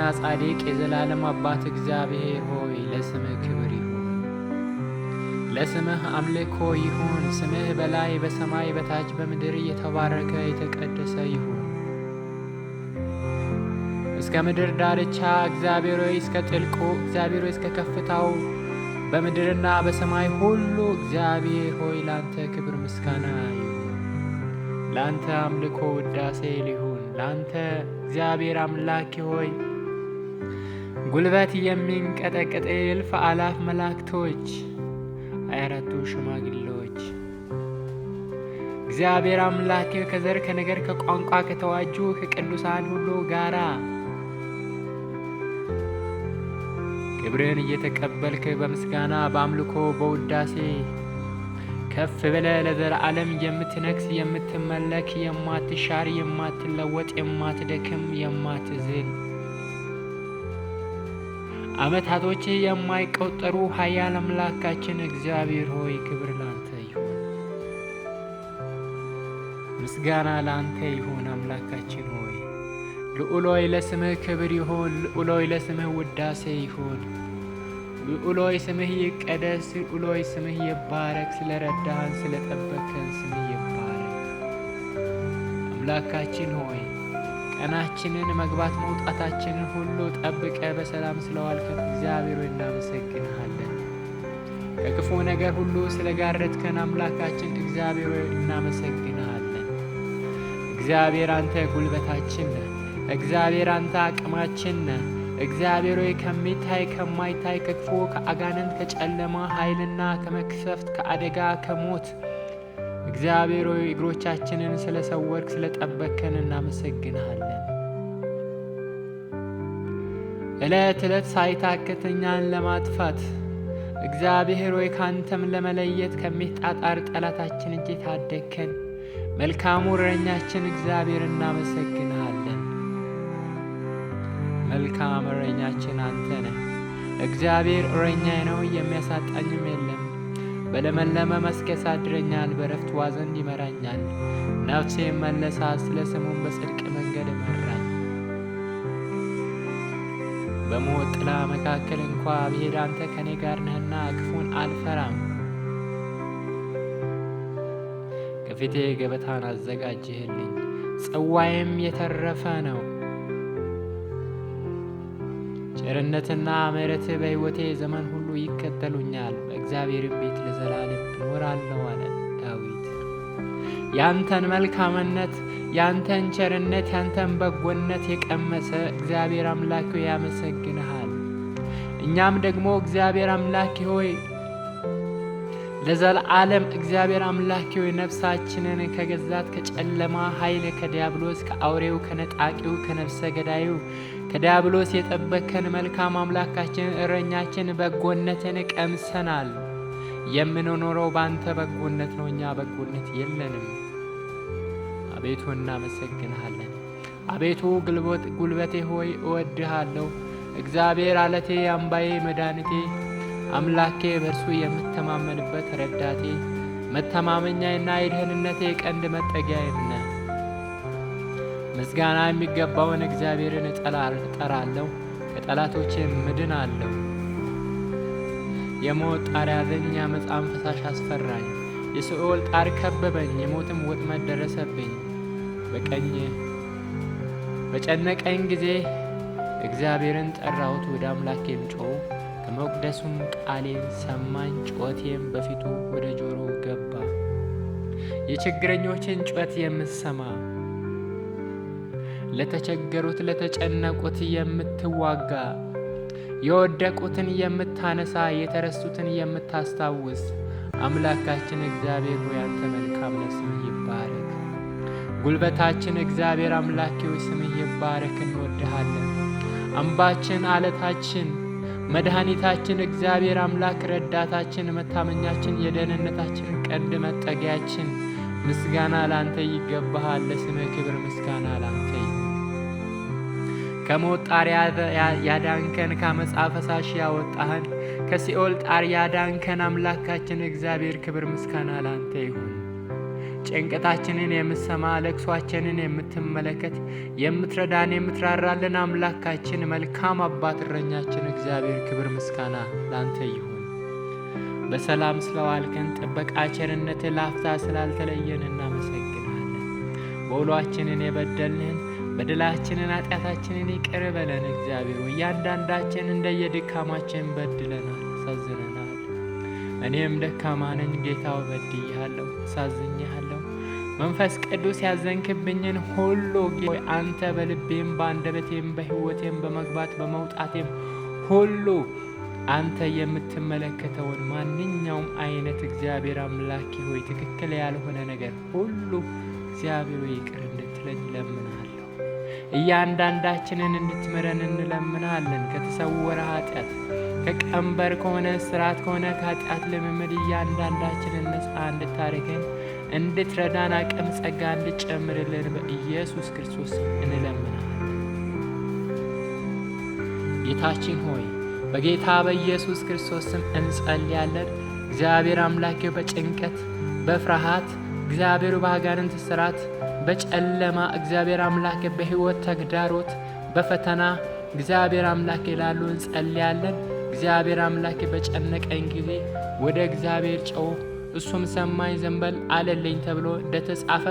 ቅዱስና ጻድቅ የዘላለም አባት እግዚአብሔር ሆይ ለስምህ ክብር ይሁን፣ ለስምህ አምልኮ ይሁን። ስምህ በላይ በሰማይ በታች በምድር እየተባረከ የተቀደሰ ይሁን። እስከ ምድር ዳርቻ እግዚአብሔር ሆይ እስከ ጥልቁ እግዚአብሔር ሆይ እስከ ከፍታው በምድርና በሰማይ ሁሉ እግዚአብሔር ሆይ ላንተ ክብር ምስጋና ይሁን። ላንተ አምልኮ ውዳሴ ሊሁን። ላንተ እግዚአብሔር አምላኬ ሆይ ጉልበት የሚንቀጠቅጥ እልፍ አላፍ መላእክቶች ሃያ አራቱ ሽማግሌዎች እግዚአብሔር አምላኬ ከዘር ከነገር ከቋንቋ ከተዋጁ ከቅዱሳን ሁሉ ጋራ ግብርን እየተቀበልክ በምስጋና በአምልኮ በውዳሴ ከፍ ብለህ ለዘላለም የምትነግስ የምትመለክ የማትሻር የማትለወጥ የማትደክም የማትዝል ዓመታቶች የማይቆጠሩ ኃያል አምላካችን እግዚአብሔር ሆይ ክብር ላንተ ይሁን፣ ምስጋና ላንተ ይሁን። አምላካችን ሆይ ልዑሎይ ለስምህ ክብር ይሁን፣ ልዑሎይ ለስምህ ውዳሴ ይሁን። ልዑሎይ ስምህ ይቀደስ፣ ልዑሎይ ስምህ ይባረክ። ስለ ጠበከን ስምህ ይባረክ። አምላካችን ሆይ ቀናችንን መግባት መውጣታችንን ሁሉ ጠብቀ በሰላም ስለዋልከን እግዚአብሔር እናመሰግንሃለን። ከክፉ ነገር ሁሉ ጋረድከን አምላካችን እግዚአብሔር እናመሰግንሃለን። እግዚአብሔር አንተ ጉልበታችን ነህ። እግዚአብሔር አንተ አቅማችን ነህ። እግዚአብሔር ሆይ ከሚታይ ከማይታይ ከክፉ ከአጋንንት ከጨለማ ኃይልና ከመክሰፍት ከአደጋ ከሞት እግዚአብሔር ሆይ እግሮቻችንን ስለ ጠበከን እናመሰግንሃለን። ዕለት ዕለት ሳይታከተኛን እኛን ለማጥፋት እግዚአብሔር ሆይ ካንተም ለመለየት ከሚጣጣር ጠላታችን እጅ ታደግከን መልካሙ እረኛችን እግዚአብሔር እናመሰግንሃለን። መልካም እረኛችን አንተ ነህ። እግዚአብሔር እረኛዬ ነው የሚያሳጣኝም የለም በለመለመ መስክ ያሳድረኛል፣ በረፍት ውኃ ዘንድ ይመራኛል። ነፍሴ መለሳ፣ ስለ ስሙም በጽድቅ መንገድ መራኝ። በሞት ጥላ መካከል እንኳ ብሄድ አንተ ከእኔ ጋር ነህና ክፉን አልፈራም። ከፊቴ ገበታን አዘጋጅህልኝ፣ ጽዋዬም የተረፈ ነው። ቸርነትና ምሕረትህ በሕይወቴ ዘመን ሁሉ ይከተሉኛል፣ በእግዚአብሔርም ቤት ለዘላለም እኖራለሁ አለ ዳዊት። ያንተን መልካምነት፣ ያንተን ቸርነት፣ ያንተን በጎነት የቀመሰ እግዚአብሔር አምላክ ሆይ ያመሰግንሃል። እኛም ደግሞ እግዚአብሔር አምላክ ሆይ ለዘላለም እግዚአብሔር አምላክ ሆይ ነፍሳችንን ከገዛት ከጨለማ ኃይል ከዲያብሎስ ከአውሬው ከነጣቂው ከነፍሰ ገዳዩ ከዲያብሎስ የጠበከን መልካም አምላካችን እረኛችን በጎነትን ቀምሰናል። የምንኖረው በአንተ በጎነት ነው፣ እኛ በጎነት የለንም። አቤቱ እናመሰግንሃለን። አቤቱ ጉልበቴ ሆይ እወድሃለሁ። እግዚአብሔር አለቴ፣ አምባዬ፣ መድኃኒቴ፣ አምላኬ በእርሱ የምተማመንበት ረዳቴ፣ መተማመኛዬና የደህንነቴ ቀንድ መጠጊያዬ ነህ። ምስጋና የሚገባውን እግዚአብሔርን እጠራለሁ፣ ምድን አለሁ። የሞት ጣር ያዘኝ፣ የዓመፃም ፈሳሽ አስፈራኝ። የሲኦል ጣር ከበበኝ፣ የሞትም ወጥመድ ደረሰብኝ። በቀኝ በጨነቀኝ ጊዜ እግዚአብሔርን ጠራሁት፣ ወደ አምላኬም ጮህ ከመቅደሱም ቃሌን ሰማኝ፣ ጩኸቴም በፊቱ ወደ ጆሮ ገባ። የችግረኞችን ጩኸት የምትሰማ ለተቸገሩት ለተጨነቁት የምትዋጋ የወደቁትን የምታነሳ የተረሱትን የምታስታውስ አምላካችን እግዚአብሔር ሆይ አንተ መልካም ስምህ ይባረክ። ጉልበታችን እግዚአብሔር አምላኬ ሆይ ስምህ ይባረክ፣ እንወድሃለን። አምባችን፣ አለታችን፣ መድኃኒታችን እግዚአብሔር አምላክ ረዳታችን፣ መታመኛችን፣ የደህንነታችን ቀንድ መጠጊያችን ምስጋና ላንተ ይገባሃል። ለስምህ ክብር ምስጋና ላንተ ከሞት ጣር ያዳንከን ካመፃ ፈሳሽ ያወጣህን ከሲኦል ጣር ያዳንከን አምላካችን እግዚአብሔር ክብር ምስጋና ላንተ ይሁን። ጭንቀታችንን የምትሰማ ለቅሷችንን የምትመለከት የምትረዳን የምትራራልን አምላካችን መልካም አባት እረኛችን እግዚአብሔር ክብር ምስጋና ላንተ ይሁን። በሰላም ስለዋልከን ጥበቃ ቸርነትህ ላፍታ ስላልተለየን እናመሰግናለን። በውሏችንን የበደልንህን በደላችንን ኃጢአታችንን ይቅር በለን እግዚአብሔር። እያንዳንዳችን እንደየድካማችን በድለናል፣ ሳዝነናል። እኔም ደካማ ነኝ ጌታው፣ በድያለሁ፣ ሳዝኛለሁ። መንፈስ ቅዱስ ያዘንክብኝን ሁሉ አንተ በልቤም በአንደበቴም በሕይወቴም በመግባት በመውጣቴም ሁሉ አንተ የምትመለከተውን ማንኛውም አይነት እግዚአብሔር አምላኬ ሆይ ትክክል ያልሆነ ነገር ሁሉ እግዚአብሔር ይቅር እንድትለኝ ለምናል። እያንዳንዳችንን እንድትምረን እንለምናለን። ከተሰወረ ኃጢአት፣ ከቀንበር ከሆነ ስርዓት ከሆነ ከኃጢአት ልምምድ እያንዳንዳችንን ነፃ እንድታደርገን እንድትረዳን አቅም ጸጋ እንድጨምርልን በኢየሱስ ክርስቶስ እንለምናለን። ጌታችን ሆይ በጌታ በኢየሱስ ክርስቶስ እንጸልያለን። እግዚአብሔር አምላኬ በጭንቀት በፍርሃት እግዚአብሔሩ በአጋንንት ስራት በጨለማ እግዚአብሔር አምላክ በህይወት ተግዳሮት በፈተና እግዚአብሔር አምላኬ ላሉ እንጸልያለን። እግዚአብሔር አምላኬ በጨነቀኝ ጊዜ ወደ እግዚአብሔር ጨው እሱም ሰማኝ ዘንበል አለልኝ ተብሎ እንደተጻፈ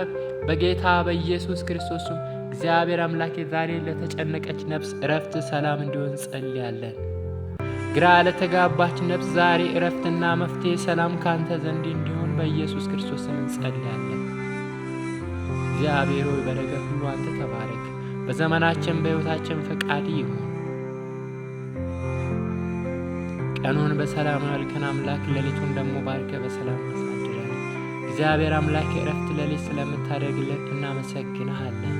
በጌታ በኢየሱስ ክርስቶስ እግዚአብሔር አምላኬ ዛሬ ለተጨነቀች ነፍስ እረፍት ሰላም እንዲሆን ጸልያለን። ግራ ለተጋባች ነፍስ ዛሬ እረፍትና መፍትሄ ሰላም ካንተ ዘንድ እንዲሆን በኢየሱስ ክርስቶስም እንጸልያለን። እግዚአብሔር ሆይ በነገር ሁሉ አንተ ተባረክ። በዘመናችን በሕይወታችን ፈቃድ ይሁን። ቀኑን በሰላም ያልከን አምላክ ሌሊቱን ደግሞ ባርከ በሰላም አሳድረን። እግዚአብሔር አምላክ እረፍት ሌሊት ስለምታደርግልን እናመሰግንሃለን።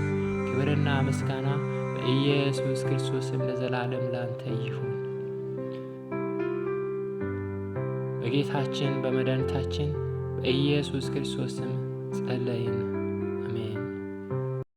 ክብርና ምስጋና በኢየሱስ ክርስቶስም ለዘላለም ላንተ ይሁን። በጌታችን በመድኃኒታችን በኢየሱስ ክርስቶስም ጸለይን።